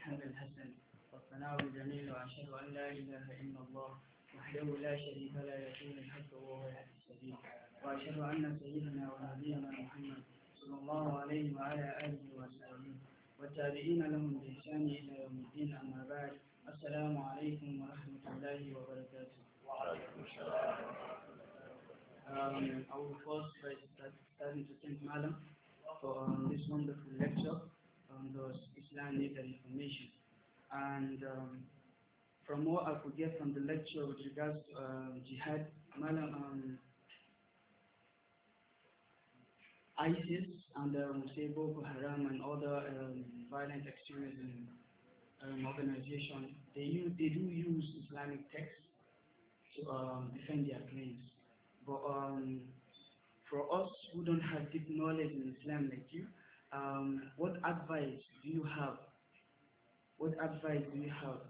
الحمد الحسن والثناء الجميل وأشهد أن لا إله إلا الله وحده لا شريك له يكون الحق وهو الحق السبيل وأشهد أن سيدنا ونبينا محمد صلى الله عليه وعلى آله وسلم والتابعين لهم بإحسان إلى يوم الدين أما بعد السلام عليكم ورحمة الله وبركاته وعليكم السلام ورحمه الله وبركاته. Um, our first place is starting to thank Madam for um, this wonderful lecture. on those Islam needs information. And um, from what I could get from the lecture with regards to um, jihad, Malam, um, ISIS and um, say Boko Haram and other um, violent extremism um, organizations, they, use, they do use Islamic texts to um, defend their claims. But um, for us who don't have deep knowledge in Islam like you, um, what advice do you have? What advice do you have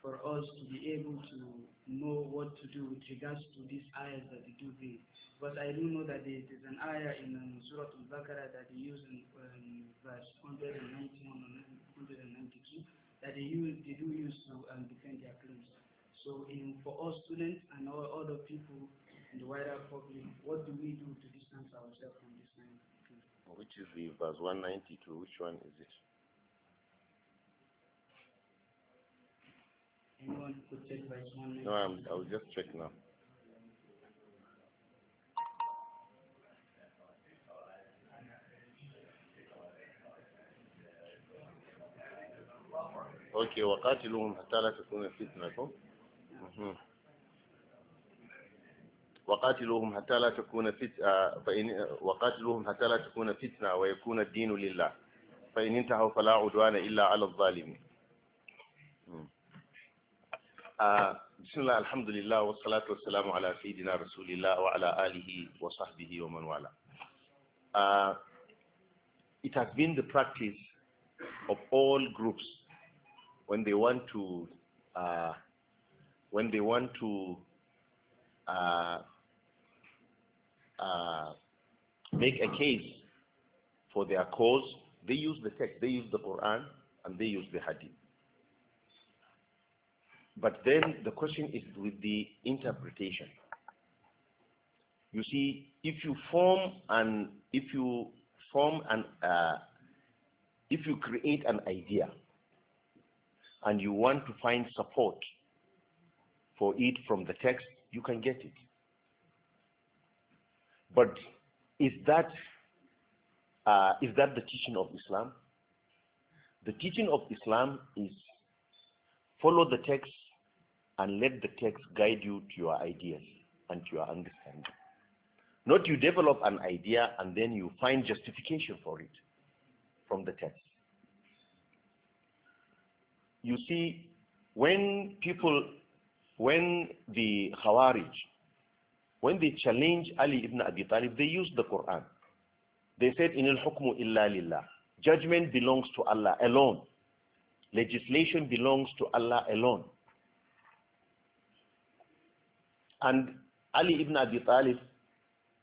for us to be able to know what to do with regards to these ayahs that they do read? But I do know that there is an ayah in um, Surah Al-Baqarah that they use in um, verse 191 and 192 that they use they do use to um, defend their claims. So, in for all students and all other people in the wider public, what do we do to distance ourselves from this? Which is the verse 192? Which one is it? Anyone could check verse 192? No, I'm, I'll just check now. Okay, وقاتلهم حتى لا تكون فتنة. وقاتلوهم حتى لا تكون فتنة فإن وقاتلوهم حتى لا تكون فتنة ويكون الدين لله فإن انتهوا فلا عدوان إلا على الظالمين بسم الله الحمد لله والصلاة والسلام على سيدنا رسول الله وعلى آله وصحبه ومن والاه Uh, it has been the practice of all groups when they want to uh, when they want to uh, Uh, make a case for their cause, they use the text, they use the Quran, and they use the Hadith. But then the question is with the interpretation. You see, if you form an, if you form an, uh, if you create an idea, and you want to find support for it from the text, you can get it. But is that uh, is that the teaching of Islam? The teaching of Islam is follow the text and let the text guide you to your ideas and to your understanding. Not you develop an idea and then you find justification for it from the text. You see, when people, when the Khawarij when they challenge Ali ibn Abi Talib, they used the Quran. They said, In al hukmu illa lillah. Judgment belongs to Allah alone. Legislation belongs to Allah alone. And Ali ibn Abi Talib,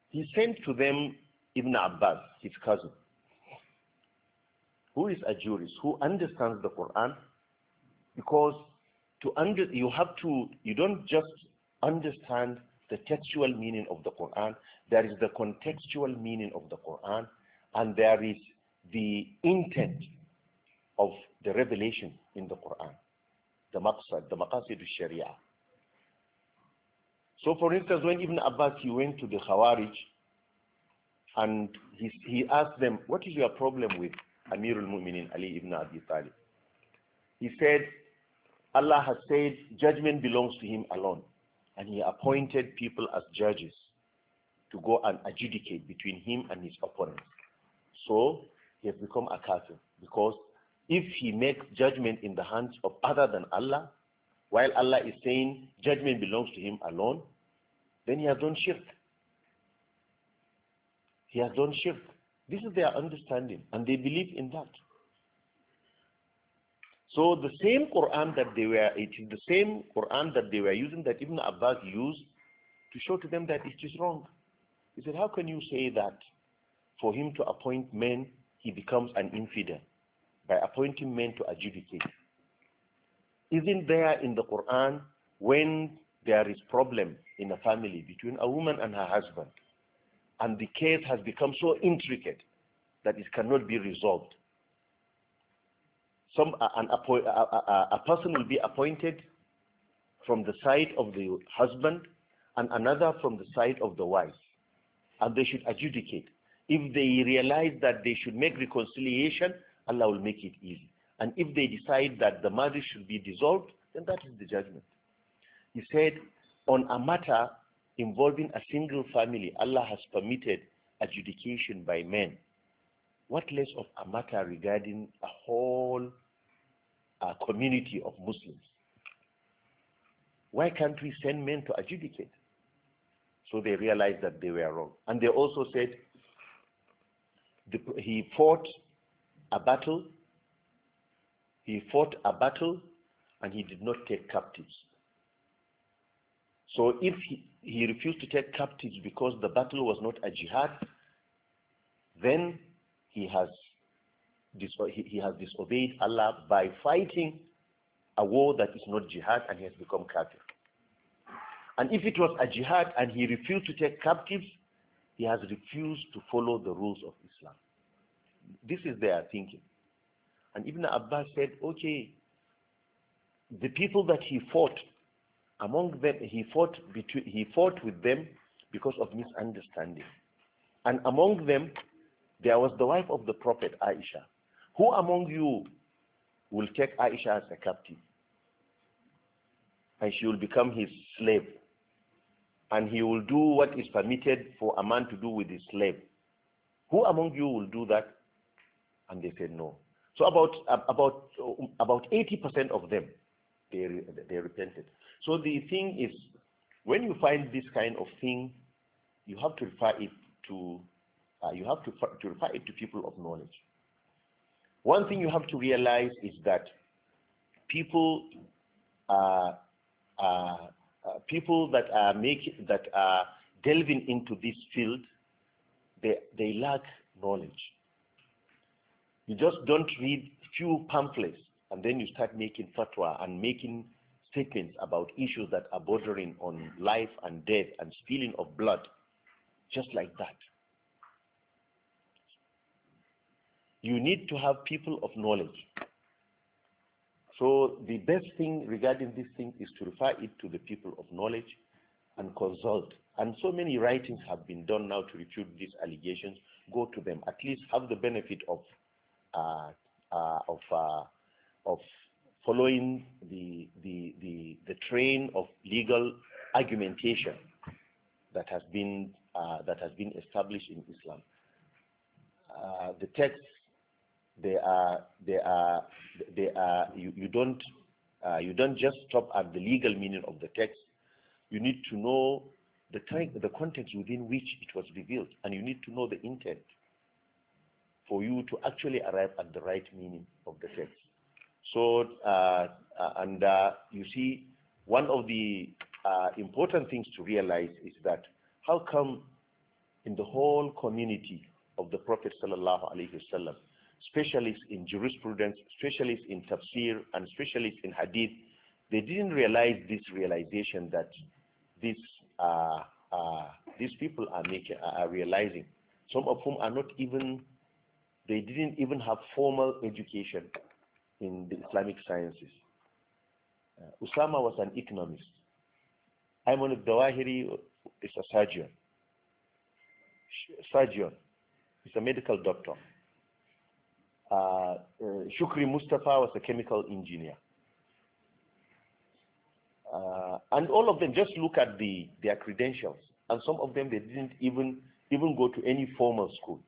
he sent to them Ibn Abbas, his cousin, who is a jurist, who understands the Quran, because to under, you have to, you don't just understand the textual meaning of the Quran, there is the contextual meaning of the Quran, and there is the intent of the revelation in the Quran, the maqsad, the maqasid al-sharia. So for instance, when Ibn Abbas, he went to the Khawarij, and he, he asked them, what is your problem with Amir al-Mu'minin Ali ibn Abi Talib? He said, Allah has said judgment belongs to him alone and he appointed people as judges to go and adjudicate between him and his opponents. So he has become a kafir because if he makes judgment in the hands of other than Allah, while Allah is saying judgment belongs to him alone, then he has done shirk. He has done shirk. This is their understanding, and they believe in that. So the same Quran that they were, it is the same Quran that they were using that Ibn Abbas used to show to them that it is wrong. He said, how can you say that for him to appoint men, he becomes an infidel by appointing men to adjudicate? Isn't there in the Quran when there is problem in a family between a woman and her husband, and the case has become so intricate that it cannot be resolved, some an, a, a person will be appointed from the side of the husband and another from the side of the wife and they should adjudicate if they realize that they should make reconciliation allah will make it easy and if they decide that the marriage should be dissolved then that is the judgment he said on a matter involving a single family allah has permitted adjudication by men what less of a matter regarding a whole uh, community of Muslims? Why can't we send men to adjudicate? So they realized that they were wrong. And they also said the, he fought a battle, he fought a battle, and he did not take captives. So if he, he refused to take captives because the battle was not a jihad, then he has he has disobeyed Allah by fighting a war that is not jihad and he has become captive. And if it was a jihad and he refused to take captives, he has refused to follow the rules of Islam. This is their thinking. And Ibn Abbas said, okay, the people that he fought, among them, he fought, between, he fought with them because of misunderstanding. And among them, there was the wife of the Prophet, Aisha. Who among you will take Aisha as a captive? And she will become his slave. And he will do what is permitted for a man to do with his slave. Who among you will do that? And they said no. So about about about 80% of them, they they repented. So the thing is, when you find this kind of thing, you have to refer it to uh, you have to refer it to people of knowledge. One thing you have to realize is that people, uh, uh, uh, people that are make, that are delving into this field, they they lack knowledge. You just don't read few pamphlets and then you start making fatwa and making statements about issues that are bordering on life and death and spilling of blood, just like that. you need to have people of knowledge. So the best thing regarding this thing is to refer it to the people of knowledge and consult. And so many writings have been done now to refute these allegations. Go to them. At least have the benefit of uh, uh, of uh, of following the, the the the train of legal argumentation that has been uh, that has been established in Islam. Uh, the texts they are they are they are you, you don't uh, you don't just stop at the legal meaning of the text you need to know the time the context within which it was revealed and you need to know the intent for you to actually arrive at the right meaning of the text so uh, uh and uh, you see one of the uh, important things to realize is that how come in the whole community of the prophet sallallahu alaihi wasallam specialists in jurisprudence, specialists in tafsir, and specialists in hadith, they didn't realize this realization that these, uh, uh, these people are, making, are realizing, some of whom are not even, they didn't even have formal education in the Islamic sciences. Uh, Usama was an economist. Ayman al-Dawahiri is a surgeon. Surgeon he's a medical doctor. Uh, uh, Shukri Mustafa was a chemical engineer. Uh, and all of them, just look at the, their credentials. And some of them, they didn't even, even go to any formal school.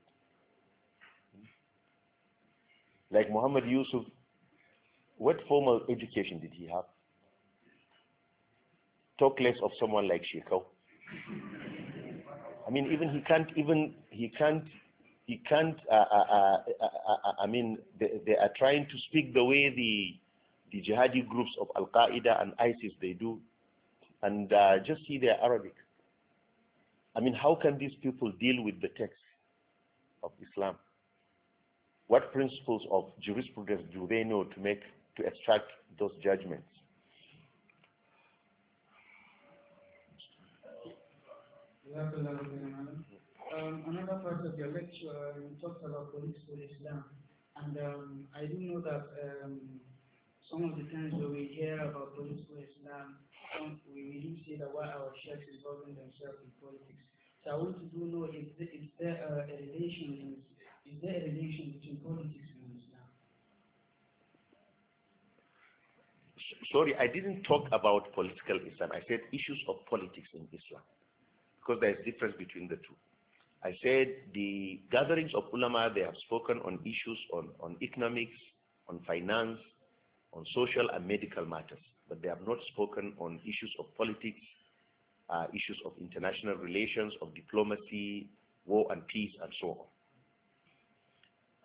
Like Muhammad Yusuf, what formal education did he have? Talk less of someone like Sheikho. I mean, even he can't even he can't he can't. Uh uh, uh, uh, uh, I mean, they, they, are trying to speak the way the the jihadi groups of Al Qaeda and ISIS they do, and uh, just see their Arabic. I mean, how can these people deal with the text of Islam? What principles of jurisprudence do they know to make to extract those judgments? um, another part of your lecture uh, you talked about for Islam, and um, I do know that um, some of the times when we hear about for Islam, we really see that why our sheikhs involving themselves in politics. So I want to do know if there, is there a relation is there a relation between politics and Islam? Sorry, I didn't talk about political Islam. I said issues of politics in Islam because there is difference between the two. I said the gatherings of ulama, they have spoken on issues on, on economics, on finance, on social and medical matters, but they have not spoken on issues of politics, uh, issues of international relations, of diplomacy, war and peace, and so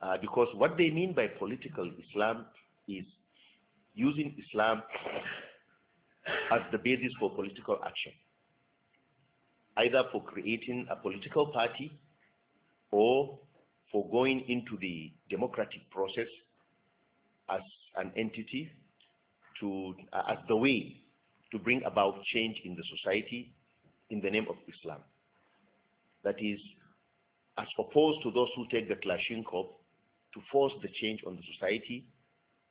on. Uh, because what they mean by political Islam is using Islam as the basis for political action either for creating a political party or for going into the democratic process as an entity to uh, as the way to bring about change in the society in the name of Islam. That is, as opposed to those who take the Kalashnikov to force the change on the society,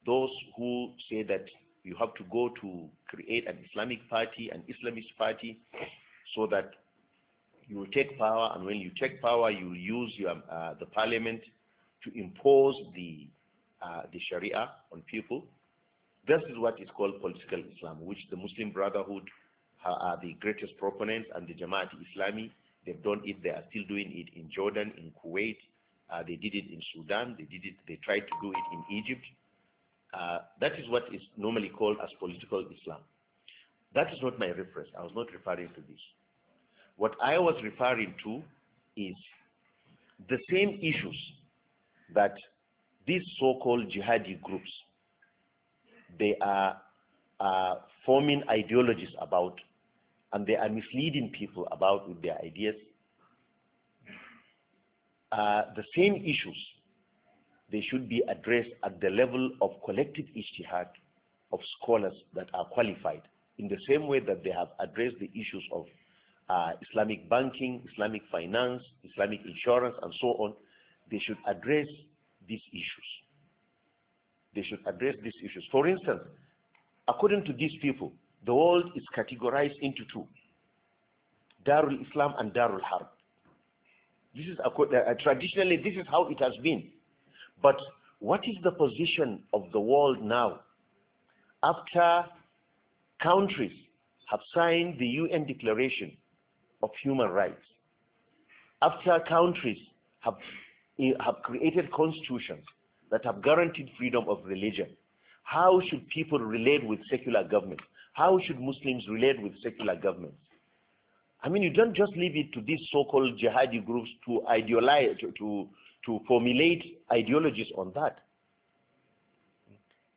those who say that you have to go to create an Islamic party, an Islamist party, so that you will take power, and when you take power, you will use your, uh, the parliament to impose the, uh, the Sharia on people. This is what is called political Islam, which the Muslim Brotherhood are the greatest proponents, and the Jamaat Islami, they've done it, they are still doing it in Jordan, in Kuwait, uh, they did it in Sudan, they did it, they tried to do it in Egypt. Uh, that is what is normally called as political Islam. That is not my reference. I was not referring to this. What I was referring to is the same issues that these so-called jihadi groups they are uh, forming ideologies about and they are misleading people about with their ideas uh, the same issues they should be addressed at the level of collective ijtihad of scholars that are qualified in the same way that they have addressed the issues of uh, Islamic banking, Islamic finance, Islamic insurance, and so on, they should address these issues. They should address these issues. For instance, according to these people, the world is categorized into two, Darul Islam and Darul Harb. This is uh, traditionally this is how it has been. But what is the position of the world now after countries have signed the UN declaration of human rights. After countries have, eh, have created constitutions that have guaranteed freedom of religion, how should people relate with secular governments? How should Muslims relate with secular governments? I mean, you don't just leave it to these so-called jihadi groups to idealize, to, to, to formulate ideologies on that.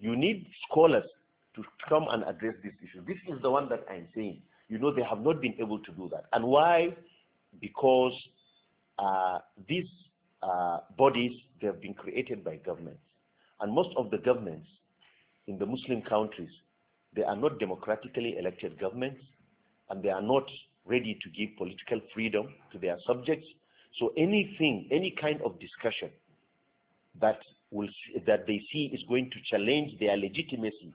You need scholars to come and address this issue. This is the one that I'm saying you know they have not been able to do that. And why? Because uh, these uh, bodies, they have been created by governments. And most of the governments in the Muslim countries, they are not democratically elected governments, and they are not ready to give political freedom to their subjects. So anything, any kind of discussion that will that they see is going to challenge their legitimacy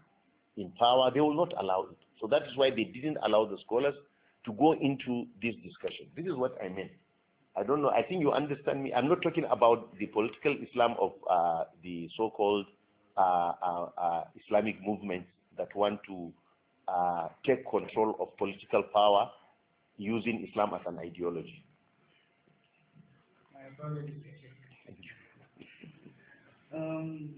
in power, they will not allow it. So that is why they didn't allow the scholars to go into this discussion. This is what I meant. I don't know. I think you understand me. I'm not talking about the political Islam of uh, the so-called uh, uh, uh Islamic movements that want to uh, take control of political power using Islam as an ideology. um,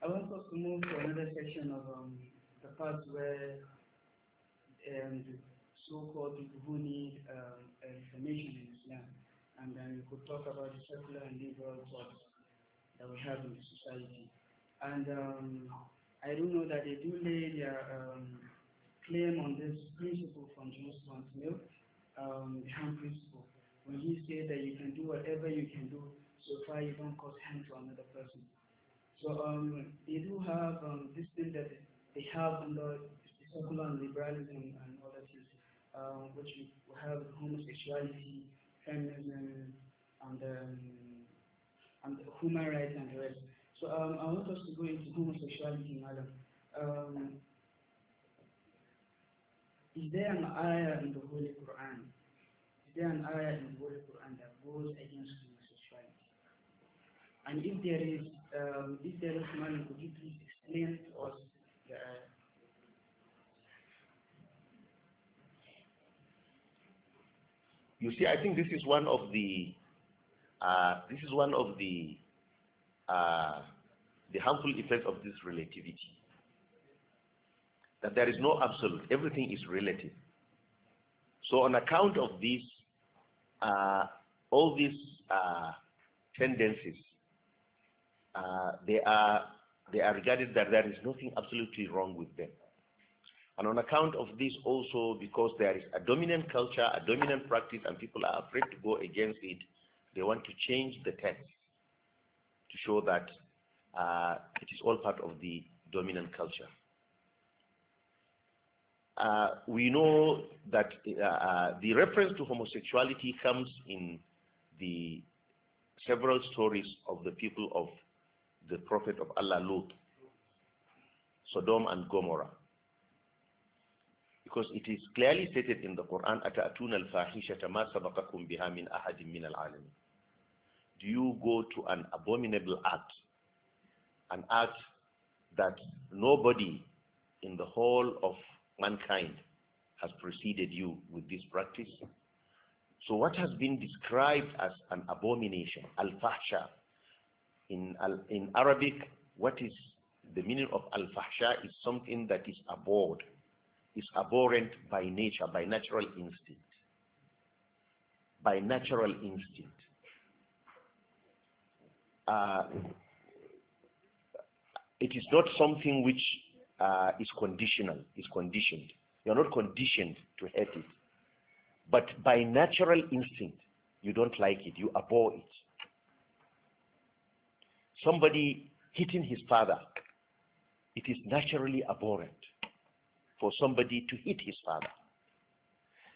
I want us to move to another section of um, the part where and so-called people who need um, information in Islam. And then we could talk about the secular and liberal thoughts that we have in society. And um, I do know that they do lay their um, claim on this principle from Joseph Mill, um, the harm principle, when he said that you can do whatever you can do so far you don't cause harm to another person. So um, they do have um, this thing that they have under secular and liberalism and all that is, um, which we have homosexuality, feminism, and um, and human rights and the rest. So um, I want us to go into homosexuality, madam. Um, is there an ayah in the Holy Quran? Is there an ayah in the Holy Quran that goes against homosexuality? And if there is, um, if there is, madam, could you please explain to us the ayah? You see, I think this is one of the uh, this is one of the uh, the harmful effects of this relativity. That there is no absolute; everything is relative. So, on account of this, uh, all these uh, tendencies, uh, they are they are regarded that there is nothing absolutely wrong with them. And on account of this also, because there is a dominant culture, a dominant practice, and people are afraid to go against it, they want to change the text to show that uh, it is all part of the dominant culture. Uh, we know that uh, uh the reference to homosexuality comes in the several stories of the people of the Prophet of Allah Lut, Sodom and Gomorrah because it is clearly stated in the Quran atatuna al-fahishata ma biha min ahadin min al-alamin do you go to an abominable act an act that nobody in the whole of mankind has preceded you with this practice so what has been described as an abomination al-fahsha in in Arabic what is the meaning of al-fahsha is something that is abhorred is abhorrent by nature, by natural instinct. By natural instinct. Uh, it is not something which uh, is conditional, is conditioned. You're not conditioned to hate it. But by natural instinct, you don't like it, you abhor it. Somebody hitting his father, it is naturally abhorrent for somebody to hit his father.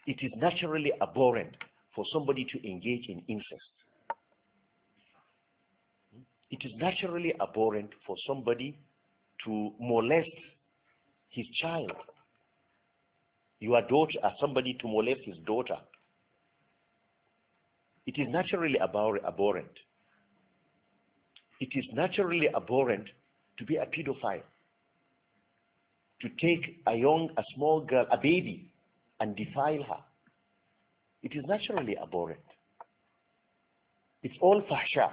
It is naturally abhorrent for somebody to engage in incest. It is naturally abhorrent for somebody to molest his child. Your daughter, uh, somebody to molest his daughter. It is naturally abhorrent. It is naturally abhorrent to be a pedophile to take a young, a small girl, a baby, and defile her. It is naturally abhorrent. It's all fahsha.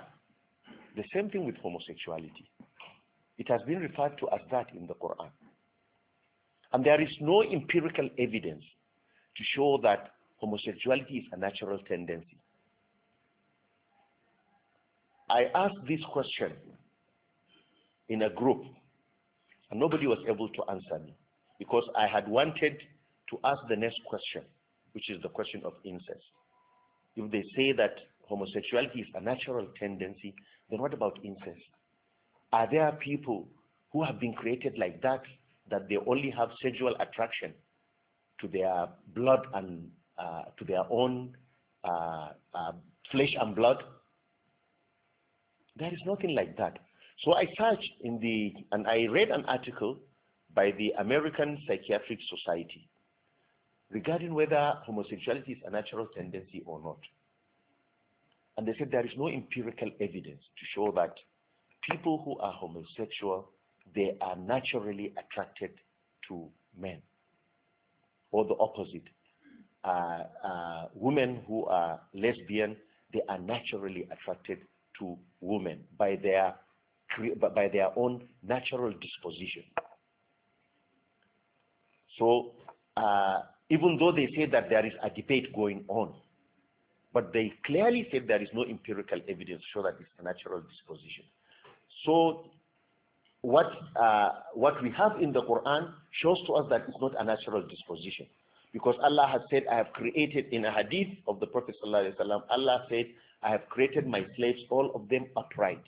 The same thing with homosexuality. It has been referred to as that in the Quran. And there is no empirical evidence to show that homosexuality is a natural tendency. I asked this question in a group and nobody was able to answer me because I had wanted to ask the next question, which is the question of incest. If they say that homosexuality is a natural tendency, then what about incest? Are there people who have been created like that, that they only have sexual attraction to their blood and uh, to their own uh, uh, flesh and blood? There is nothing like that. So I searched in the, and I read an article by the American Psychiatric Society regarding whether homosexuality is a natural tendency or not. And they said there is no empirical evidence to show that people who are homosexual, they are naturally attracted to men. Or the opposite. Uh, uh, women who are lesbian, they are naturally attracted to women by their by their own natural disposition. So, uh, even though they say that there is a debate going on, but they clearly said there is no empirical evidence to show that it's a natural disposition. So, what uh, what we have in the Quran shows to us that it's not a natural disposition, because Allah has said, "I have created." In a hadith of the Prophet Allah said, "I have created my slaves, all of them upright."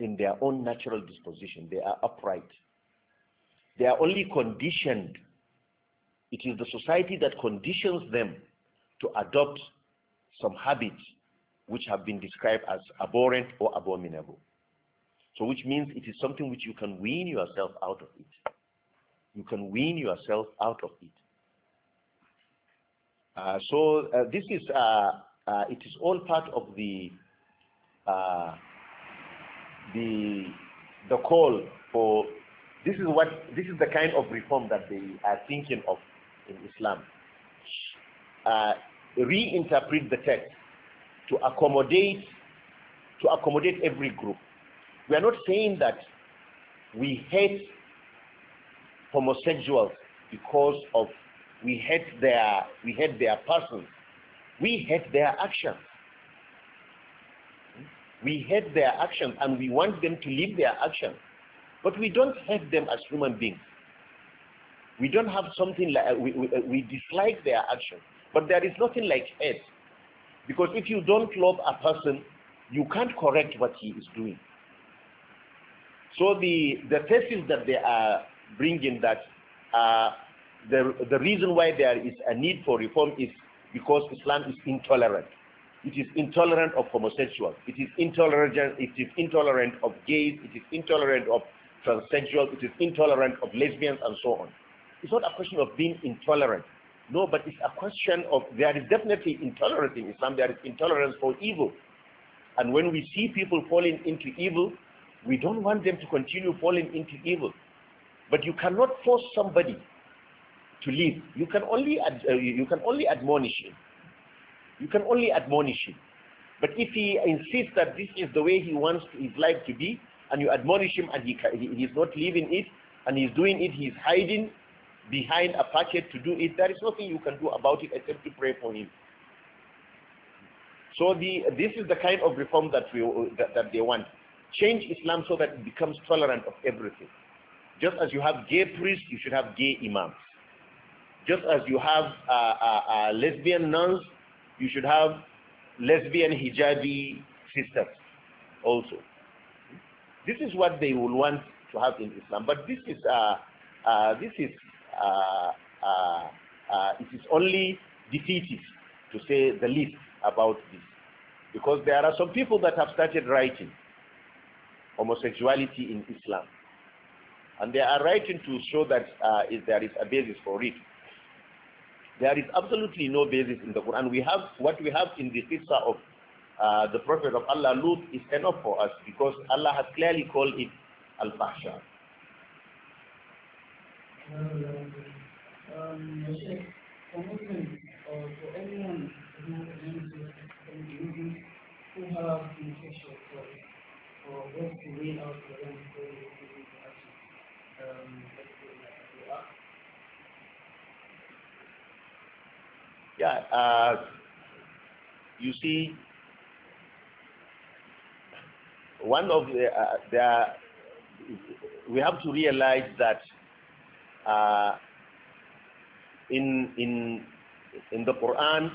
in their own natural disposition. They are upright. They are only conditioned. It is the society that conditions them to adopt some habits which have been described as abhorrent or abominable. So, which means it is something which you can wean yourself out of it. You can wean yourself out of it. Uh, so, uh, this is, uh, uh it is all part of the uh, the the call for this is what this is the kind of reform that they are thinking of in Islam. Uh, reinterpret the text to accommodate to accommodate every group. We are not saying that we hate homosexuals because of we hate their we hate their persons. We hate their actions. We hate their actions and we want them to leave their actions. But we don't hate them as human beings. We don't have something like, uh, we, we, uh, we dislike their actions. But there is nothing like hate. Because if you don't love a person, you can't correct what he is doing. So the, the thesis that they are bringing that uh, the, the reason why there is a need for reform is because Islam is intolerant it is intolerant of homosexuals, it is intolerant, it is intolerant of gays, it is intolerant of transsexuals, it is intolerant of lesbians and so on. It's not a question of being intolerant. No, but it's a question of there is definitely intolerance in Islam, there is intolerance for evil. And when we see people falling into evil, we don't want them to continue falling into evil. But you cannot force somebody to leave. You can only, uh, you can only admonish him you can only admonish him. But if he insists that this is the way he wants his life to be, and you admonish him and he, he is not living it, and he's doing it, he's hiding behind a packet to do it, there is nothing you can do about it except to pray for him. So the, this is the kind of reform that, we, that, that they want. Change Islam so that it becomes tolerant of everything. Just as you have gay priests, you should have gay imams. Just as you have uh, uh, uh, lesbian nuns, you should have lesbian hijabi sisters also. This is what they will want to have in Islam. But this is, uh, uh, this is, uh, uh, uh it is only defeatist to say the least about this. Because there are some people that have started writing homosexuality in Islam. And they are writing to show that uh, there is a basis for it. There is absolutely no basis in the Quran. We have what we have in the qissa of uh, the Prophet of Allah, Lut, is enough for us because Allah has clearly called it al-fahsha. for or to out Yeah. Uh, you see, one of the, uh, the we have to realize that uh, in in in the Quran,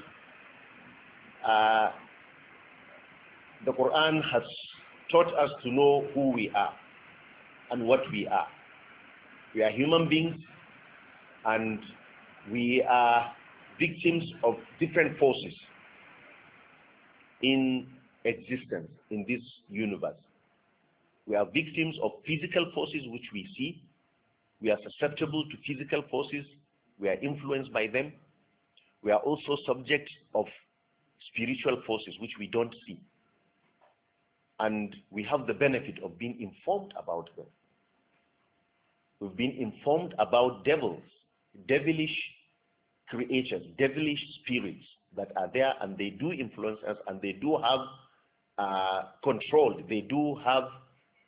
uh, the Quran has taught us to know who we are and what we are. We are human beings, and we are victims of different forces in existence in this universe. We are victims of physical forces which we see. We are susceptible to physical forces. We are influenced by them. We are also subject of spiritual forces which we don't see. And we have the benefit of being informed about them. We've been informed about devils, devilish creatures, devilish spirits that are there and they do influence us and they do have uh, control, they do have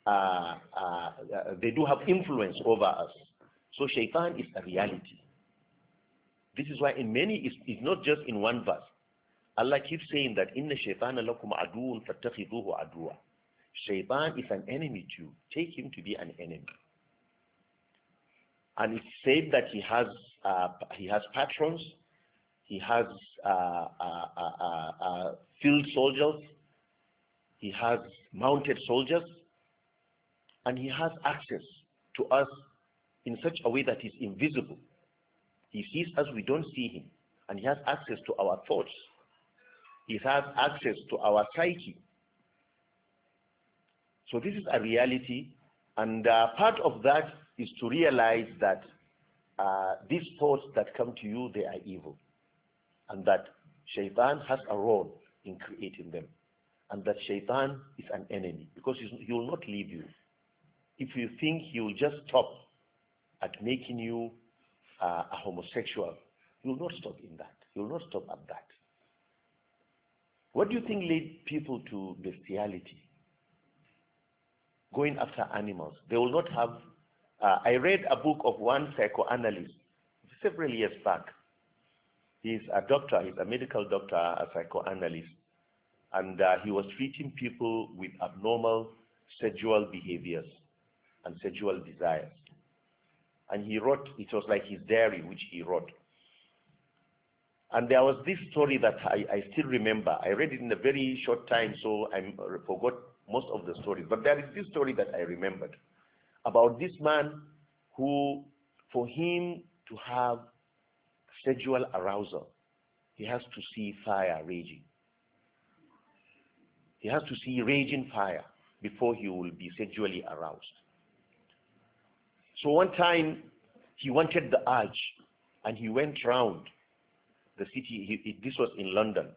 uh, uh, they do have influence over us. So shaitan is a reality. This is why in many, it's, it's not just in one verse. Allah keeps saying that in the shaitan lakum aduun fattakhidhuhu adua. Shaitan is an enemy to you. Take him to be an enemy. And it's said that he has uh, he has patrons, he has uh, uh, field soldiers, he has mounted soldiers, and he has access to us in such a way that he's invisible. He sees us, we don't see him, and he has access to our thoughts. He has access to our psyche. So this is a reality, and uh, part of that is to realize that uh, these thoughts that come to you, they are evil. And that shaitan has a role in creating them. And that shaitan is an enemy because he will not leave you. If you think he will just stop at making you uh, a homosexual, he will not stop in that. He will not stop at that. What do you think led people to bestiality? Going after animals. They will not have uh, I read a book of one psychoanalyst several years back. He's a doctor, he's a medical doctor, a psychoanalyst, and uh, he was treating people with abnormal sexual behaviors and sexual desires. And he wrote, it was like his diary, which he wrote. And there was this story that I, I still remember. I read it in a very short time, so I forgot most of the stories. But there is this story that I remembered about this man who, for him to have sexual arousal, he has to see fire raging. He has to see raging fire before he will be sexually aroused. So one time he wanted the urge and he went round the city. He, this was in London.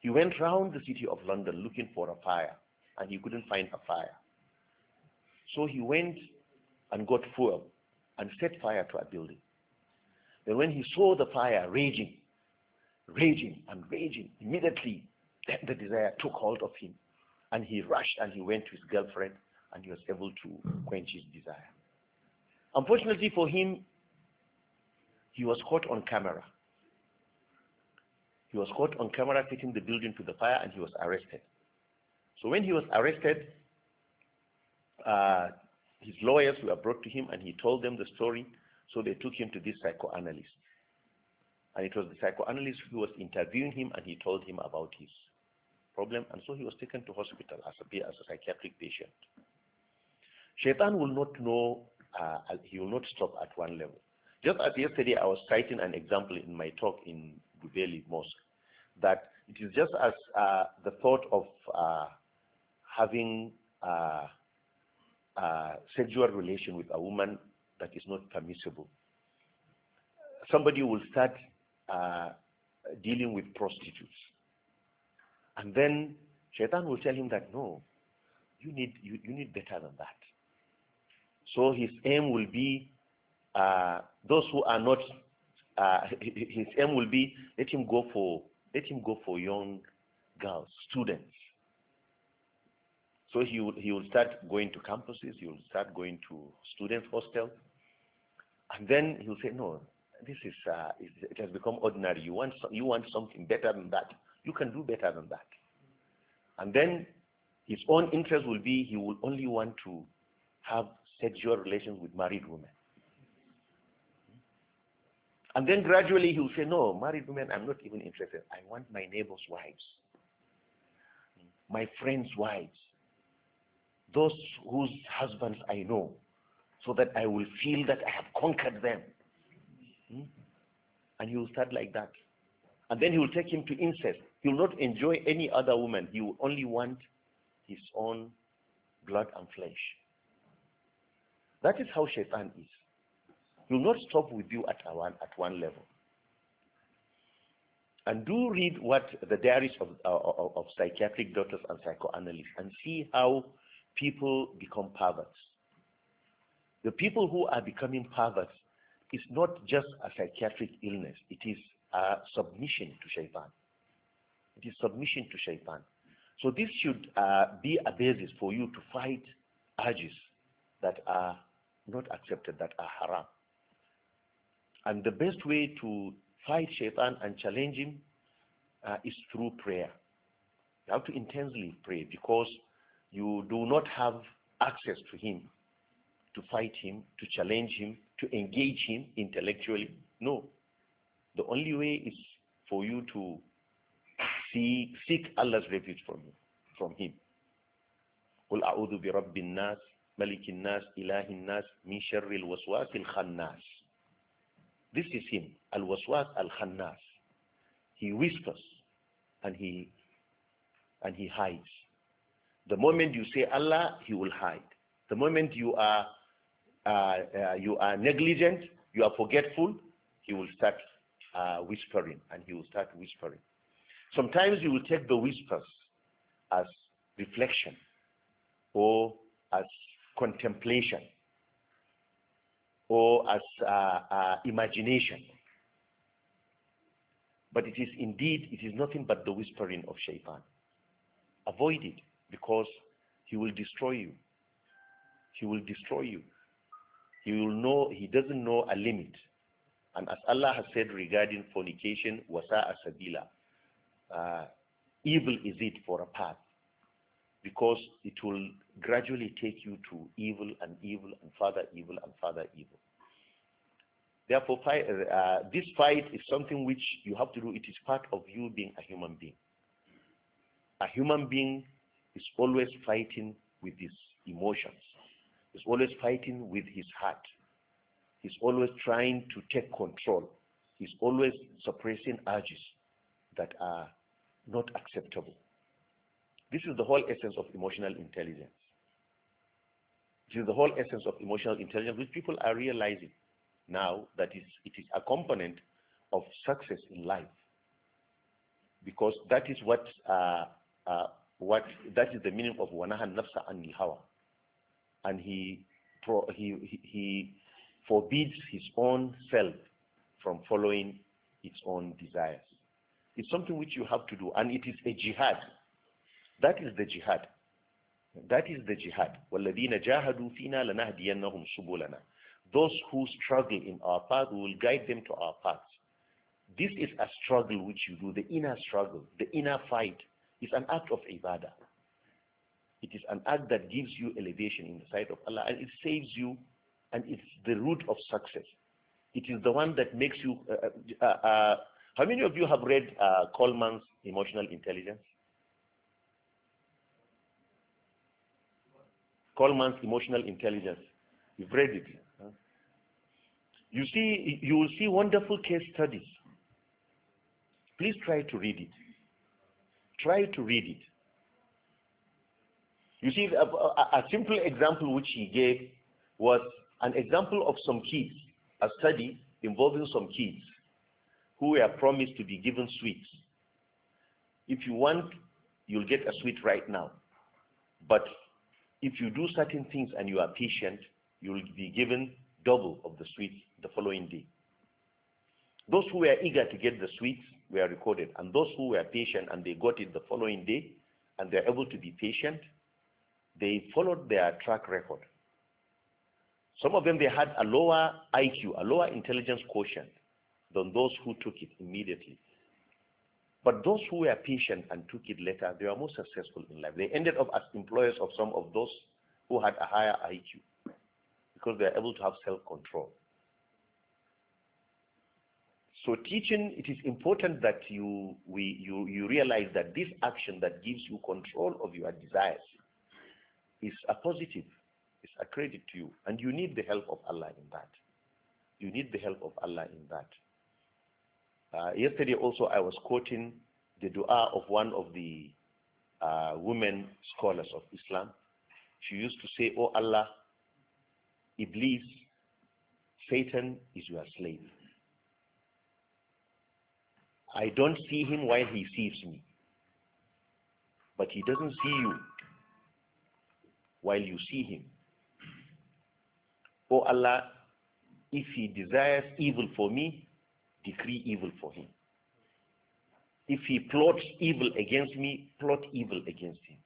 He went round the city of London looking for a fire and he couldn't find a fire. So he went and got fuel and set fire to a building. Then when he saw the fire raging, raging and raging, immediately the desire took hold of him and he rushed and he went to his girlfriend and he was able to quench his desire. Unfortunately for him, he was caught on camera. He was caught on camera fitting the building to the fire and he was arrested. So when he was arrested, uh, his lawyers were brought to him and he told them the story. So they took him to this psychoanalyst. And it was the psychoanalyst who was interviewing him and he told him about his problem. And so he was taken to hospital as a, as a psychiatric patient. Shaitan will not know, uh, he will not stop at one level. Just as yesterday, I was citing an example in my talk in Bubeli Mosque that it is just as uh, the thought of uh, having uh, sexual relation with a woman that is not permissible. Somebody will start uh, dealing with prostitutes. And then Shaitan will tell him that, no, you need, you, you need better than that. So his aim will be uh, those who are not, uh, his aim will be let him go for, let him go for young girls, students. So he will, he will start going to campuses, he will start going to student hostels, and then he will say, no, this is, uh, it has become ordinary. You want, you want something better than that. You can do better than that. And then his own interest will be he will only want to have sexual relations with married women. And then gradually he will say, no, married women, I'm not even interested. I want my neighbor's wives, my friend's wives those whose husbands I know, so that I will feel that I have conquered them. Hmm? And he will start like that. And then he will take him to incest. He will not enjoy any other woman. He will only want his own blood and flesh. That is how Shaitan is. He will not stop with you at one, at one level. And do read what the diaries of, uh, of psychiatric doctors and psychoanalysts and see how people become perverts. The people who are becoming perverts is not just a psychiatric illness, it is a submission to shaitan. It is submission to shaitan. So this should uh, be a basis for you to fight urges that are not accepted, that are haram. And the best way to fight shaitan and challenge him uh, is through prayer. You have to intensely pray because you do not have access to him to fight him, to challenge him, to engage him intellectually. No. The only way is for you to seek, seek Allah's refuge from him. From him. قل أعوذ برب الناس ملك الناس إله الناس من شر الوسواس الخناس This is him, al-waswas al-khannas. He whispers and he and he hides. The moment you say Allah, he will hide. The moment you are, uh, uh, you are negligent, you are forgetful, he will start uh, whispering, and he will start whispering. Sometimes you will take the whispers as reflection or as contemplation or as uh, uh, imagination. But it is indeed, it is nothing but the whispering of shaitan. Avoid it because he will destroy you. He will destroy you. He will know he doesn't know a limit. And as Allah has said regarding fornication, wasa asadila. uh, evil is it for a path, because it will gradually take you to evil and evil and further evil and further evil. Therefore, fight, uh, this fight is something which you have to do. It is part of you being a human being. A human being He's always fighting with his emotions. He's always fighting with his heart. He's always trying to take control. He's always suppressing urges that are not acceptable. This is the whole essence of emotional intelligence. This is the whole essence of emotional intelligence, which people are realizing now that it is a component of success in life. Because that is what uh, uh, what that is the meaning of wanahan nafsa an hawa, and he he he forbids his own self from following its own desires. It's something which you have to do, and it is a jihad. That is the jihad. That is the jihad. Those who struggle in our path, will guide them to our path. This is a struggle which you do, the inner struggle, the inner fight it's an act of ibadah. It is an act that gives you elevation in the sight of Allah and it saves you and it's the root of success. It is the one that makes you. Uh, uh, uh, uh how many of you have read uh, Coleman's Emotional Intelligence? Coleman's Emotional Intelligence. You've read it. Huh? You see, you will see wonderful case studies. Please try to read it. Try to read it. You see, a, a, simple example which he gave was an example of some kids, a study involving some kids who were promised to be given sweets. If you want, you'll get a sweet right now. But if you do certain things and you are patient, you'll be given double of the sweets the following day. Those who were eager to get the sweets were recorded, and those who were patient and they got it the following day, and they're able to be patient, they followed their track record. Some of them they had a lower IQ, a lower intelligence quotient than those who took it immediately. But those who were patient and took it later, they were more successful in life. They ended up as employers of some of those who had a higher IQ because they were able to have self-control. So teaching, it is important that you, we, you, you realize that this action that gives you control of your desires is a positive, is a credit to you. And you need the help of Allah in that. You need the help of Allah in that. Uh, yesterday also I was quoting the dua of one of the uh, women scholars of Islam. She used to say, Oh Allah, Iblis, Satan is your slave. I don't see him while he sees me. But he doesn't see you while you see him. O oh Allah, if he desires evil for me, decree evil for him. If he plots evil against me, plot evil against him.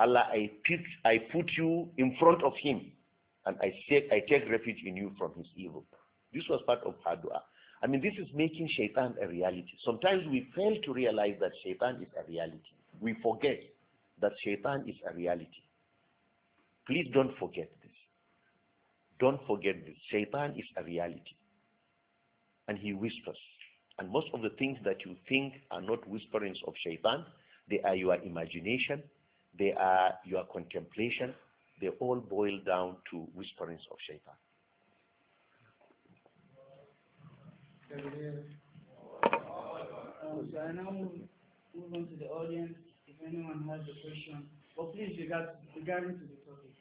Allah, I put, I put you in front of him and I, say, I take refuge in you from his evil. This was part of her dua. I mean, this is making shaitan a reality. Sometimes we fail to realize that shaitan is a reality. We forget that shaitan is a reality. Please don't forget this. Don't forget this. Shaitan is a reality. And he whispers. And most of the things that you think are not whisperings of shaitan, they are your imagination, they are your contemplation, they all boil down to whisperings of shaitan. so I now move on to the audience if anyone has a question. But please regard, regarding to the topic.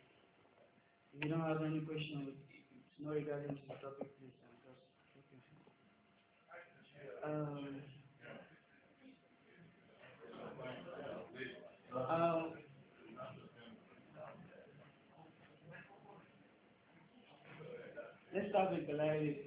If you don't have any question, it's not regarding to the topic, please. Um, um, let's start with the Goliath.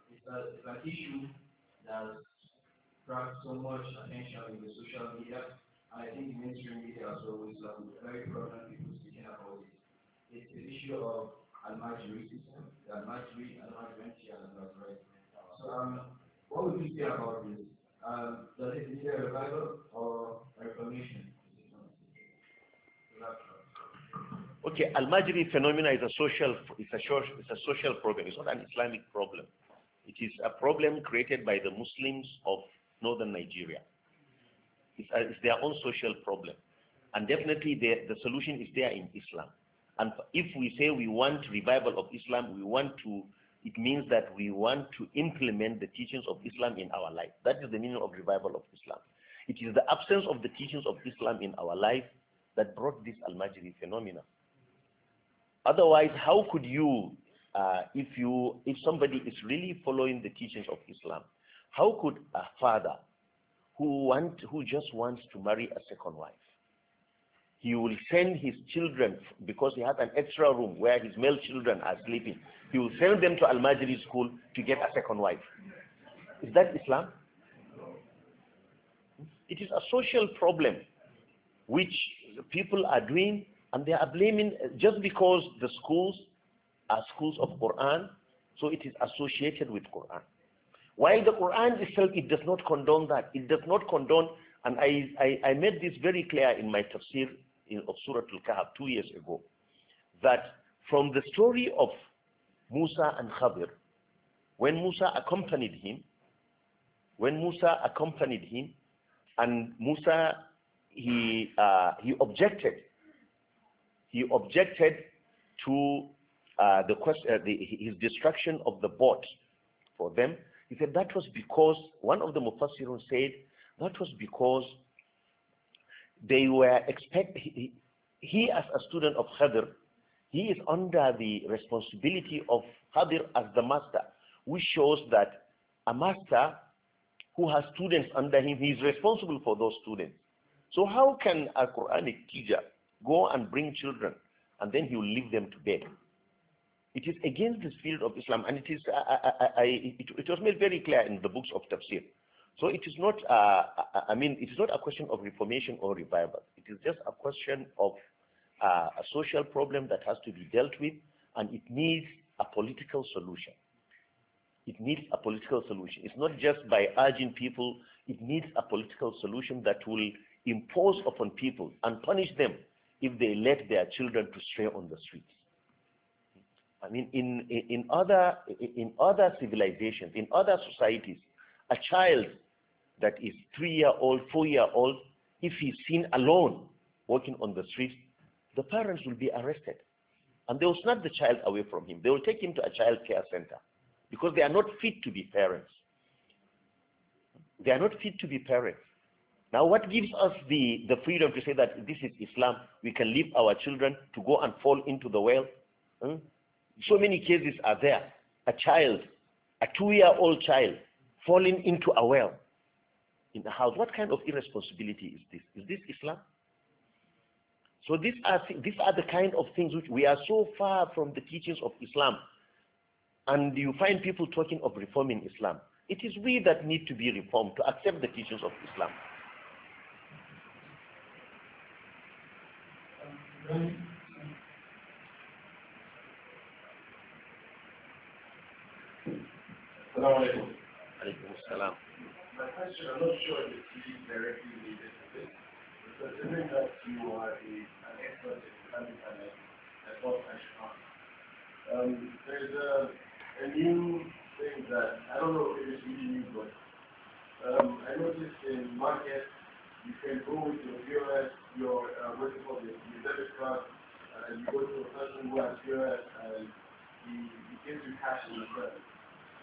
that it's an issue that attracts so much attention in the social media, and I think the mainstream media as well is um, very prominent people speaking about it. It's the issue of Almajiri system, the Almajiri, Almajiri, and Almajiri. So um, what would you say about this? Um, does it need a revival or a reformation? Okay, Al-Majri phenomena is a social, it's a, it's a social problem. It's not an Islamic problem. It is a problem created by the Muslims of northern Nigeria. It's, a, it's their own social problem. And definitely the, the solution is there in Islam. And if we say we want revival of Islam, we want to, it means that we want to implement the teachings of Islam in our life. That is the meaning of revival of Islam. It is the absence of the teachings of Islam in our life that brought this al-Majri phenomenon. Otherwise, how could you uh, if you if somebody is really following the teachings of Islam, how could a father who want who just wants to marry a second wife, he will send his children because he has an extra room where his male children are sleeping. He will send them to Al Majri school to get a second wife. Is that Islam? It is a social problem which people are doing and they are blaming just because the schools are schools of Quran, so it is associated with Quran. While the Quran itself, it does not condone that. It does not condone, and I, I, I made this very clear in my tafsir in, of Surah Al-Kahf two years ago, that from the story of Musa and Khadir, when Musa accompanied him, when Musa accompanied him, and Musa, he, uh, he objected. He objected to uh, the question, uh, the, his destruction of the boat for them, he said that was because one of the Mufassirun said that was because they were expect he, he as a student of Khadr, he is under the responsibility of Khadr as the master, which shows that a master who has students under him, he is responsible for those students. So how can a Quranic teacher go and bring children and then he will leave them to bed? It is against the spirit of Islam, and it is I, I, I, it, it, was made very clear in the books of Tafsir. So it is not uh, I mean it is not a question of reformation or revival. It is just a question of uh, a social problem that has to be dealt with, and it needs a political solution. It needs a political solution. It's not just by urging people. It needs a political solution that will impose upon people and punish them if they let their children to stray on the streets. I mean, in, in, other, in other civilizations, in other societies, a child that is three-year-old, four-year-old, if he's seen alone walking on the street, the parents will be arrested. And they will snap the child away from him. They will take him to a child care center because they are not fit to be parents. They are not fit to be parents. Now, what gives us the, the freedom to say that this is Islam? We can leave our children to go and fall into the well. Hmm? So many cases are there. A child, a two-year-old child, falling into a well in the house. What kind of irresponsibility is this? Is this Islam? So these are these are the kind of things which we are so far from the teachings of Islam, and you find people talking of reforming Islam. It is we that need to be reformed to accept the teachings of Islam. Um, Assalamu alaikum. Alaikum assalam. My question, I'm not sure if it's directly related to this, but assuming that you are a, an expert in Islamic finance, as well as um, there's a, a new thing that, I don't know if it's really new, but um, I noticed in markets, you can go with your POS, your, uh, what you call it, your debit card, and you go to a person who has POS, and he, he gives you cash in the credit.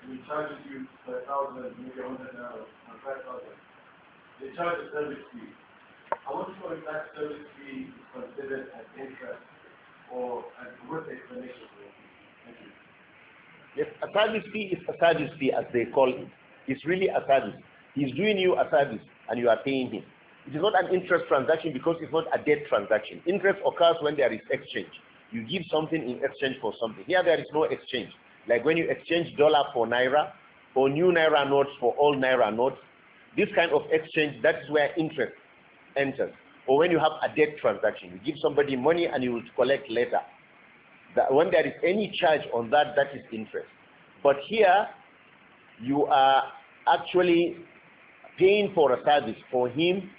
He charges you a thousand, maybe a hundred dollars, or five thousand. They charge a service fee. I want to know if that service fee is considered as interest or as what explanation for Thank you. Yes, a service fee is a service fee as they call it. It's really a service. He's doing you a service and you are paying him. It is not an interest transaction because it's not a debt transaction. Interest occurs when there is exchange. You give something in exchange for something. Here there is no exchange. Like when you exchange dollar for naira or new naira notes for old naira notes, this kind of exchange, that's where interest enters. Or when you have a debt transaction, you give somebody money and you will collect later. That when there is any charge on that, that is interest. But here, you are actually paying for a service for him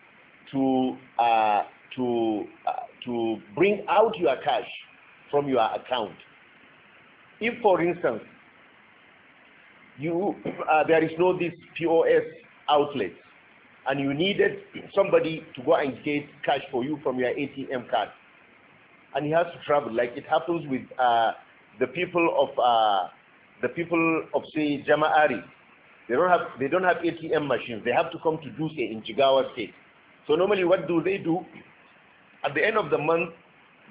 to uh, to uh, to bring out your cash from your account if, for instance, you uh, there is no this POS outlet, and you needed somebody to go and get cash for you from your ATM card, and he has to travel, like it happens with uh, the people of uh, the people of say Jamaari. They don't have they don't have ATM machines. They have to come to Duse in Jigawa State. So normally, what do they do? At the end of the month,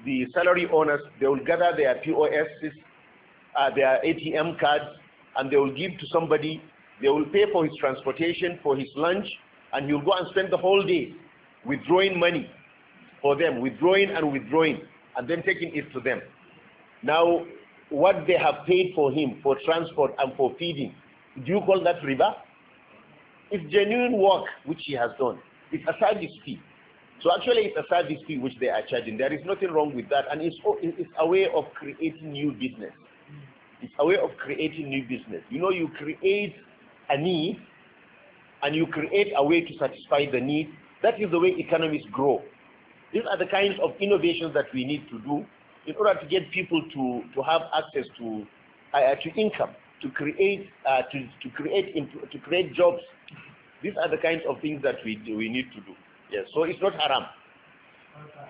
the salary owners they will gather their POSs uh, their ATM cards and they will give to somebody. They will pay for his transportation, for his lunch, and he'll go and spend the whole day withdrawing money for them, withdrawing and withdrawing, and then taking it to them. Now, what they have paid for him for transport and for feeding, do you call that riba? It's genuine work which he has done. It's a service fee. So actually, it's a service fee which they are charging. There is nothing wrong with that, and it's, it's a way of creating new business. It's a way of creating new business. You know, you create a need and you create a way to satisfy the need. That is the way economies grow. These are the kinds of innovations that we need to do in order to get people to, to have access to, uh, uh to income, to create, uh, to, to, create to create jobs. These are the kinds of things that we, do, we need to do. Yes, so it's not haram. Okay.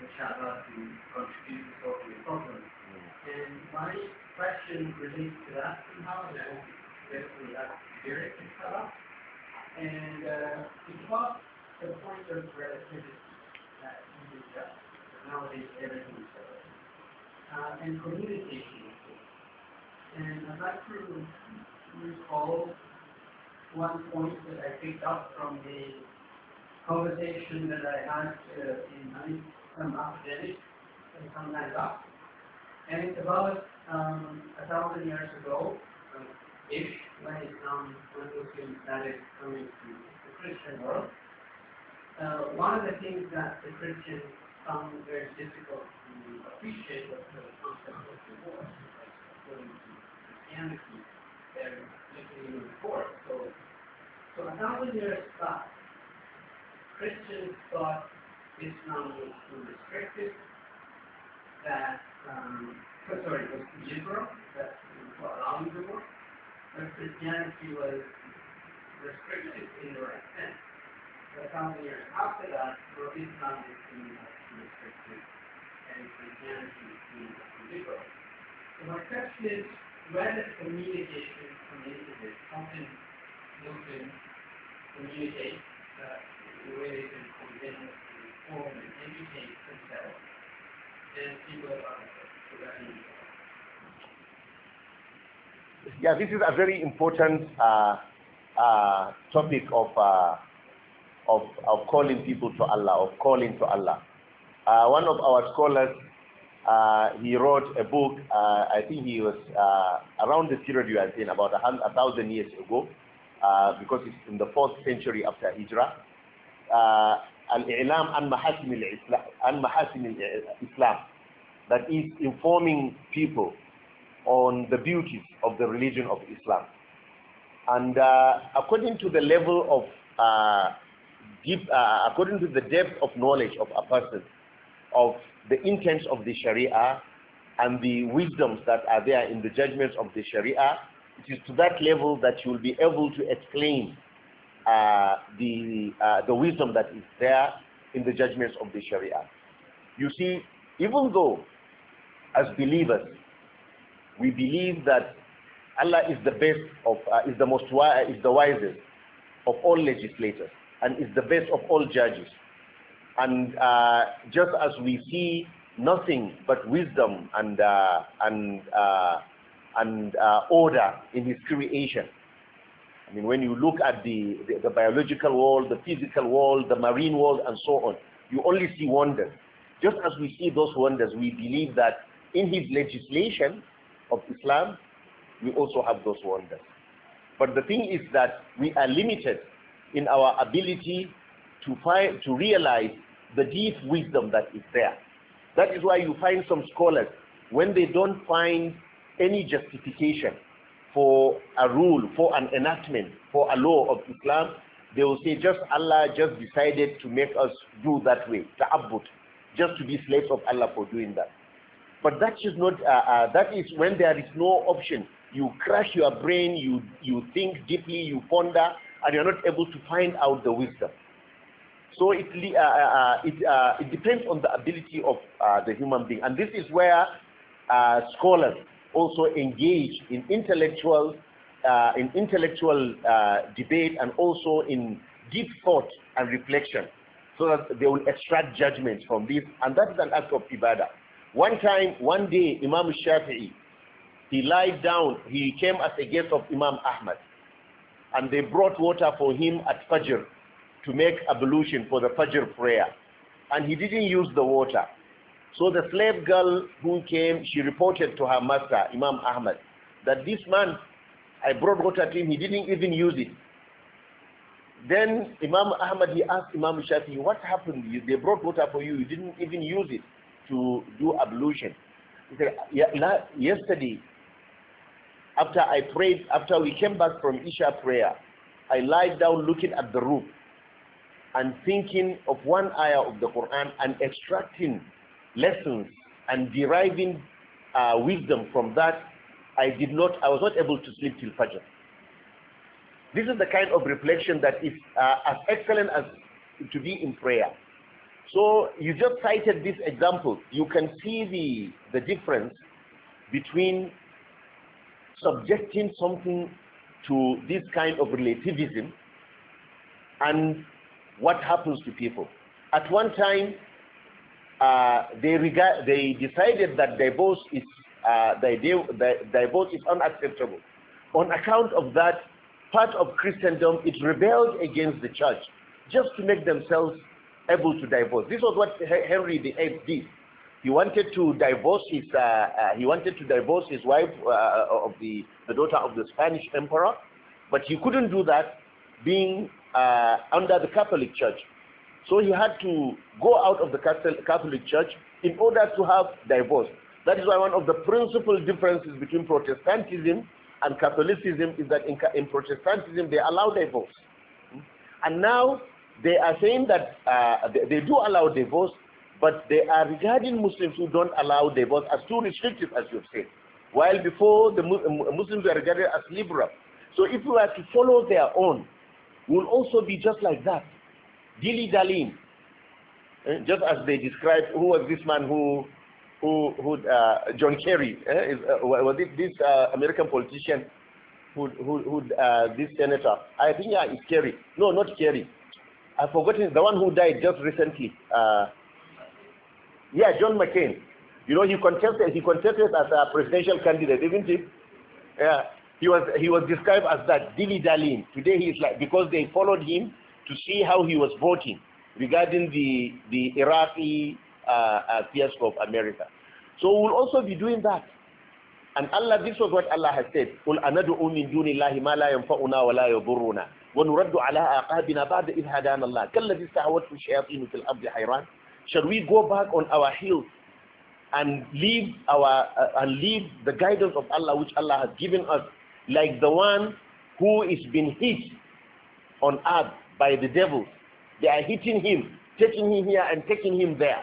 to contribute to solving the problem. Mm. And my question relates to that somehow, and I hope that we have spirit, inshallah. And uh, the point of relativity that you discussed. Nowadays, everything is Uh, and communication, And I'd like to recall one point that I picked up from the conversation that I had uh, in high some academic and some non up. And it's about um, a thousand years ago, um, ish, when Islam, um, when Muslims started coming to the Christian world. Uh, one of the things that the Christians found very difficult to appreciate was the concept of divorce, because according to Christianity, they're literally divorced. So, so a thousand years back, Christians thought Islam was too restrictive, that, um, oh, sorry, was liberal, that to allowing the work, but Christianity was restrictive in the right sense. But thousand years after that, well, Islam is seen as restrictive, and Christianity is seen as too liberal. So my question is, whether communication from individuals, how can Muslims communicate uh, the way they can convince form indicate consent, yeah, this is a very important uh, uh, topic of, uh, of, of calling people to Allah, of calling to Allah. Uh, one of our scholars, uh, he wrote a book, uh, I think he was around the period you are saying, about a, hundred, a thousand years ago, because it's in the fourth century after Hijrah. And ilam islam an that is informing people on the beauties of the religion of Islam. And uh, according to the level of uh, deep, uh, according to the depth of knowledge of a person, of the intents of the Sharia and the wisdoms that are there in the judgments of the Sharia, it is to that level that you will be able to explain uh, the, uh, the wisdom that is there in the judgments of the Sharia. You see, even though as believers we believe that Allah is the best of uh, is the most wise, is the wisest of all legislators and is the best of all judges. And uh, just as we see nothing but wisdom and uh, and and order in His creation, I mean, when you look at the, the, the, biological world, the physical world, the marine world, and so on, you only see wonders. Just as we see those wonders, we believe that in his legislation of Islam, we also have those wonders. But the thing is that we are limited in our ability to, find, to realize the deep wisdom that is there. That is why you find some scholars, when they don't find any justification for a rule, for an enactment, for a law of Islam, they will say just Allah just decided to make us do that way, ta'abbut, just to be slaves of Allah for doing that. But that is not, uh, uh, that is when there is no option. You crash your brain, you, you think deeply, you ponder, and you're not able to find out the wisdom. So it, uh, uh, uh, it, uh, it depends on the ability of the human being. And this is where scholars also engage in intellectual, uh, in intellectual uh, debate and also in deep thought and reflection so that they will extract judgments from this. And that is an act of ibadah. One time, one day, Imam Shafi'i, he lied down, he came as a guest of Imam Ahmad. And they brought water for him at Fajr to make ablution for the Fajr prayer. And he didn't use the water. So the slave girl who came, she reported to her master, Imam Ahmad, that this man, I brought water to him, he didn't even use it. Then Imam Ahmad, he asked Imam Shafi, what happened? They brought water for you, you didn't even use it to do ablution. He said, yesterday, after I prayed, after we came back from Isha prayer, I lied down looking at the roof and thinking of one ayah of the Quran and extracting lessons and deriving uh, wisdom from that, I did not, I was not able to sleep till Fajr. This is the kind of reflection that is uh, as excellent as to be in prayer. So you just cited this example. You can see the, the difference between subjecting something to this kind of relativism and what happens to people. At one time, uh, they regard they decided that divorce is uh, the idea that divorce is unacceptable. On account of that, part of Christendom it rebelled against the church just to make themselves able to divorce. This was what Henry VIII did. He wanted to divorce his uh, uh, he wanted to divorce his wife uh, uh, of the the daughter of the Spanish emperor, but he couldn't do that being under the Catholic Church. So he had to go out of the Catholic Church in order to have divorce. That is why one of the principal differences between Protestantism and Catholicism is that in, in Protestantism they allow divorce. And now they are saying that uh, they, they do allow divorce, but they are regarding Muslims who don't allow divorce as too restrictive, as you've said. While before the Muslims were regarded as liberal. So if we were to follow their own, we'll also be just like that dilly-dallying. Eh, just as they described, who was this man who, who, who uh, John Kerry, eh? Is, uh, was it this uh, American politician who, who, who uh, this senator? I think yeah, it's Kerry. No, not Kerry. I've forgotten the one who died just recently. Uh, yeah, John McCain. You know, he contested, he contested as a presidential candidate, did not he? Yeah he was he was described as that dilly dallying. Today he is like because they followed him, to see how he was voting regarding the, the Iraqi uh, uh, fiasco of America. So we'll also be doing that. And Allah, this was what Allah has said, قُلْ La مِنْ دُونِ اللَّهِ مَا لَا يَنْفَعُنَا وَلَا يَضُرُّنَا ونرد على أعقابنا بعد إذ هدانا الله كالذي استعوته الشياطين في الأرض حيران Shall we go back on our heels and leave our uh, and leave the guidance of Allah which Allah has given us like the one who is being hit on earth by the devils. They are hitting him, taking him here and taking him there.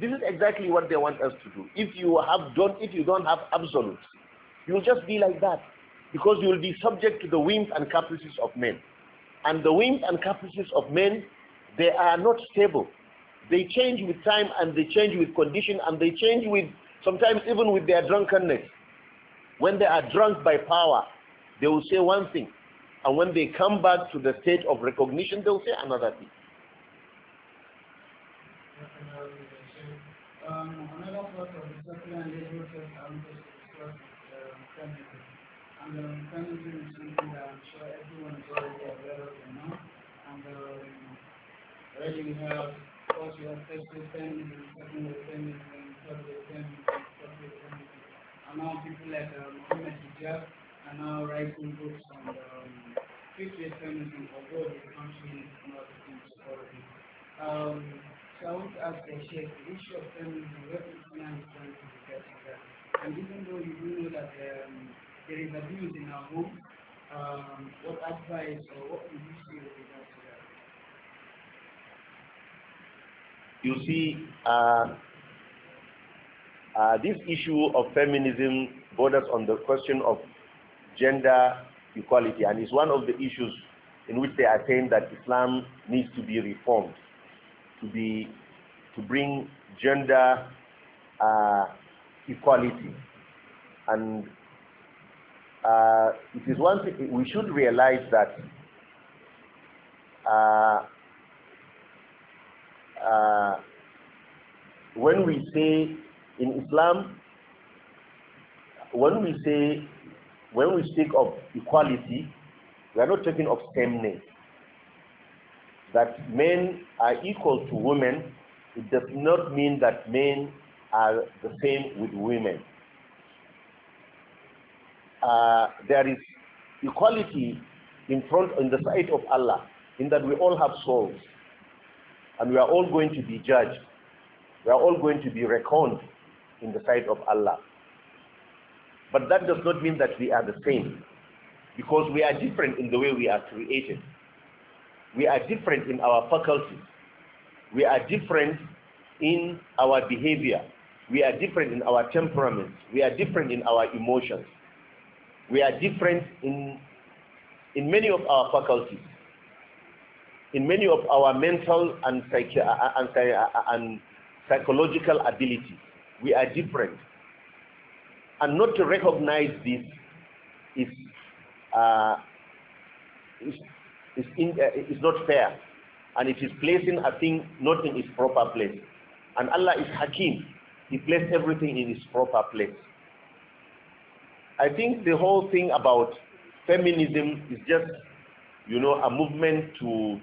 This is exactly what they want us to do. If you have done, if you don't have absolutes, you'll just be like that because you will be subject to the whims and caprices of men. And the whims and caprices of men, they are not stable. They change with time and they change with condition and they change with sometimes even with their drunkenness. When they are drunk by power, they will say one thing. And when they come back to the state of recognition, they'll say another thing. And is something that I'm sure everyone is already aware of now. And um, already we have, of course, we have first second third fourth And now people like um, Hijab um, are now writing books on um, feminism, although the country is not in supporting. Um, so I want to ask the Sheikh, the issue of feminism, where is the trying to get to that? And even though you do know that um, there is abuse in our home, um, what advice or what would you say with regard to that? You see, uh, uh, this issue of feminism borders on the question of gender equality, and it's one of the issues in which they are saying that Islam needs to be reformed, to be to bring gender uh, equality, and uh, it is one thing we should realize that. Uh, uh when we say in Islam, when we say when we speak of equality, we are not talking of sameness. That men are equal to women, it does not mean that men are the same with women. Uh, there is equality in front on the sight of Allah, in that we all have souls, and we are all going to be judged. We are all going to be reckoned in the sight of Allah. But that does not mean that we are the same, because we are different in the way we are created. We are different in our faculties. We are different in our behavior. We are different in our temperaments. We are different in our emotions. We are different in, in many of our faculties, in many of our mental and, and, and psychological abilities. We are different and not to recognize this is uh, is, is, in, uh, is not fair and it is placing a thing not in its proper place and Allah is Hakim he placed everything in its proper place I think the whole thing about feminism is just you know a movement to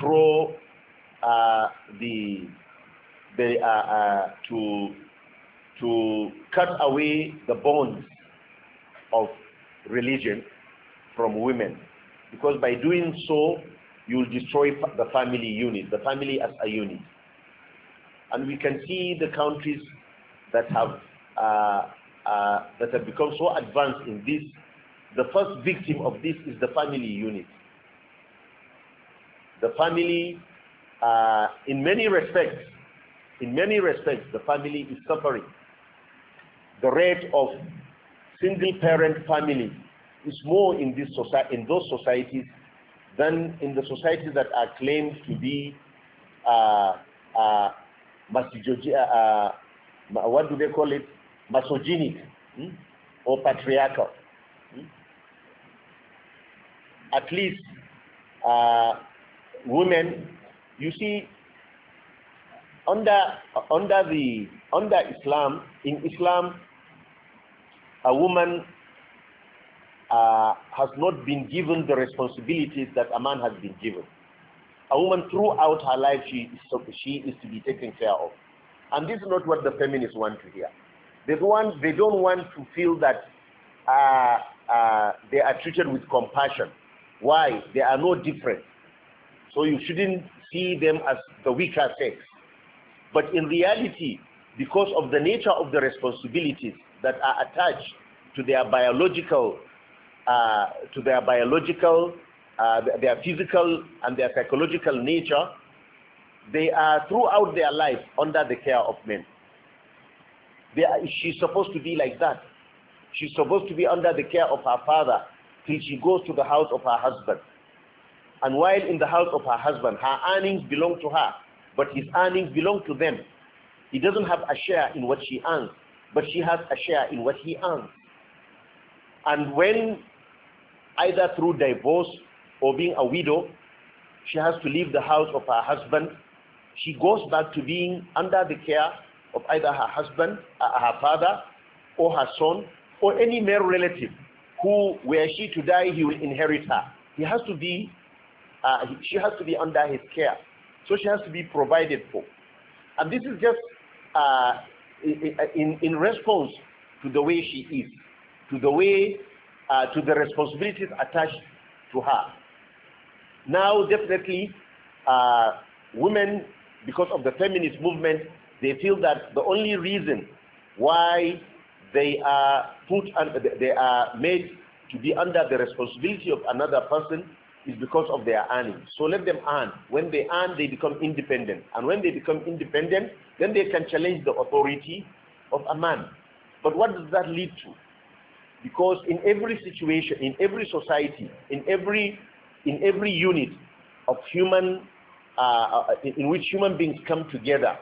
throw uh, the the uh, uh, to to cut away the bonds of religion from women because by doing so you'll destroy the family unit the family as a unit and we can see the countries that have uh, uh, that have become so advanced in this the first victim of this is the family unit the family uh, in many respects in many respects the family is suffering the rate of single parent family is more in, this in those societies than in the societies that are claimed to be uh, uh, uh, uh what do they call it? Misogynic hmm? or patriarchal. Hmm? At least uh, women, you see, under under the under Islam in Islam, a woman uh, has not been given the responsibilities that a man has been given. A woman throughout her life, she is, to, she is to be taken care of. And this is not what the feminists want to hear. They don't want, they don't want to feel that uh, uh, they are treated with compassion. Why? They are no different. So you shouldn't see them as the weaker sex. But in reality, because of the nature of the responsibilities, that are attached to their biological, uh, to their biological, uh, their physical and their psychological nature, they are throughout their life under the care of men. Are, she's supposed to be like that. She's supposed to be under the care of her father till she goes to the house of her husband. And while in the house of her husband, her earnings belong to her, but his earnings belong to them. He doesn't have a share in what she earns but she has a share in what he earns. And when either through divorce or being a widow, she has to leave the house of her husband, she goes back to being under the care of either her husband, uh, her father, or her son, or any male relative who, were she to die, he will inherit her. He has to be, uh, she has to be under his care. So she has to be provided for. And this is just uh, uh, in, in response to the way she is, to the way, uh, to the responsibilities attached to her. Now, definitely, uh, women, because of the feminist movement, they feel that the only reason why they are put, under, they are made to be under the responsibility of another person is because of their earning. So let them earn. When they earn, they become independent. And when they become independent, then they can challenge the authority of a man. But what does that lead to? Because in every situation, in every society, in every, in every unit of human, uh, uh in, which human beings come together,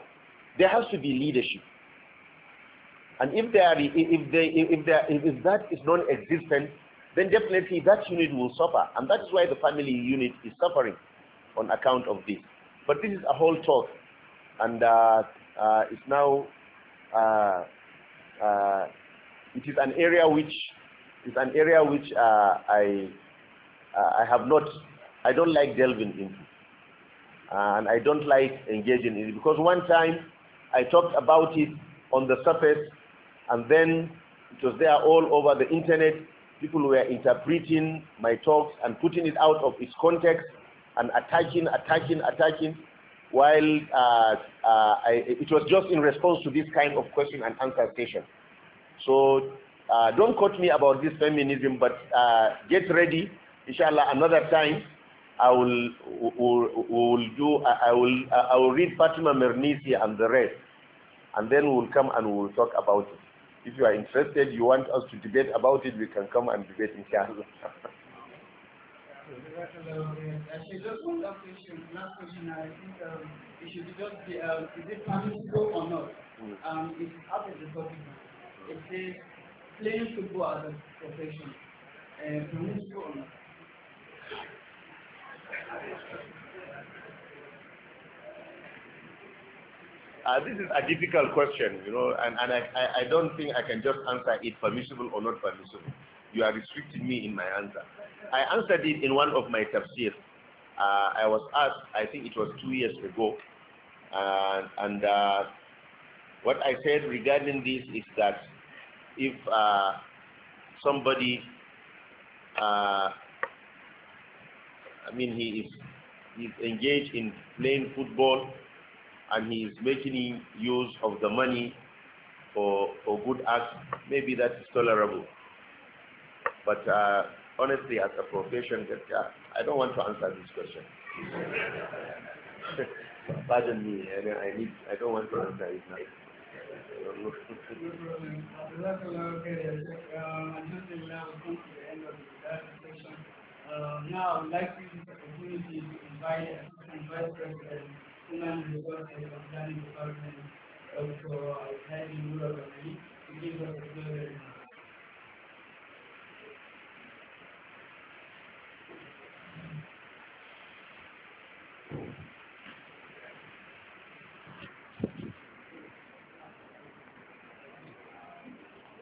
there has to be leadership. And if, there, if, they, if, there, if that is non-existent, then definitely that unit will suffer. And that is why the family unit is suffering on account of this. But this is a whole talk. And uh, uh, it's now, uh, uh it is an area which, is an area which uh, I, uh, I have not, I don't like delving into. And I don't like engaging in it. Because one time I talked about it on the surface and then it was there all over the internet people were interpreting my talks and putting it out of its context and attacking, attacking, attacking, while uh, uh, I, it was just in response to this kind of question and answer session. So uh, don't quote me about this feminism, but uh, get ready. Inshallah, another time I will, will, will do. I will I will read Fatima Mernisi and the rest, and then we'll come and we'll talk about it. If you are interested, you want us to debate about it, we can come and debate in class. Actually, just one last question. Last question, I think um, it should just be, uh, is it permissible or not? Um, it's out of the topic. It says playing football as a profession. Uh, permissible or not? Uh, this is a difficult question, you know, and, and I, I, I don't think I can just answer it permissible or not permissible. You are restricting me in my answer. I answered it in one of my tafsir. Uh, I was asked, I think it was two years ago, uh, and what I said regarding this is that if uh, somebody, uh, I mean, he is, he is engaged in playing football, and he is making use of the money for, for good acts, maybe that is tolerable. But uh, honestly, as a profession, that, uh, I don't want to answer this question. Pardon me, I don't, I, need, I don't want to answer it now. Uh, now, I would like to use this opportunity to invite the Vice President Sunan Bukhari and Islamic Department also uh, has in Europe and it gives us a good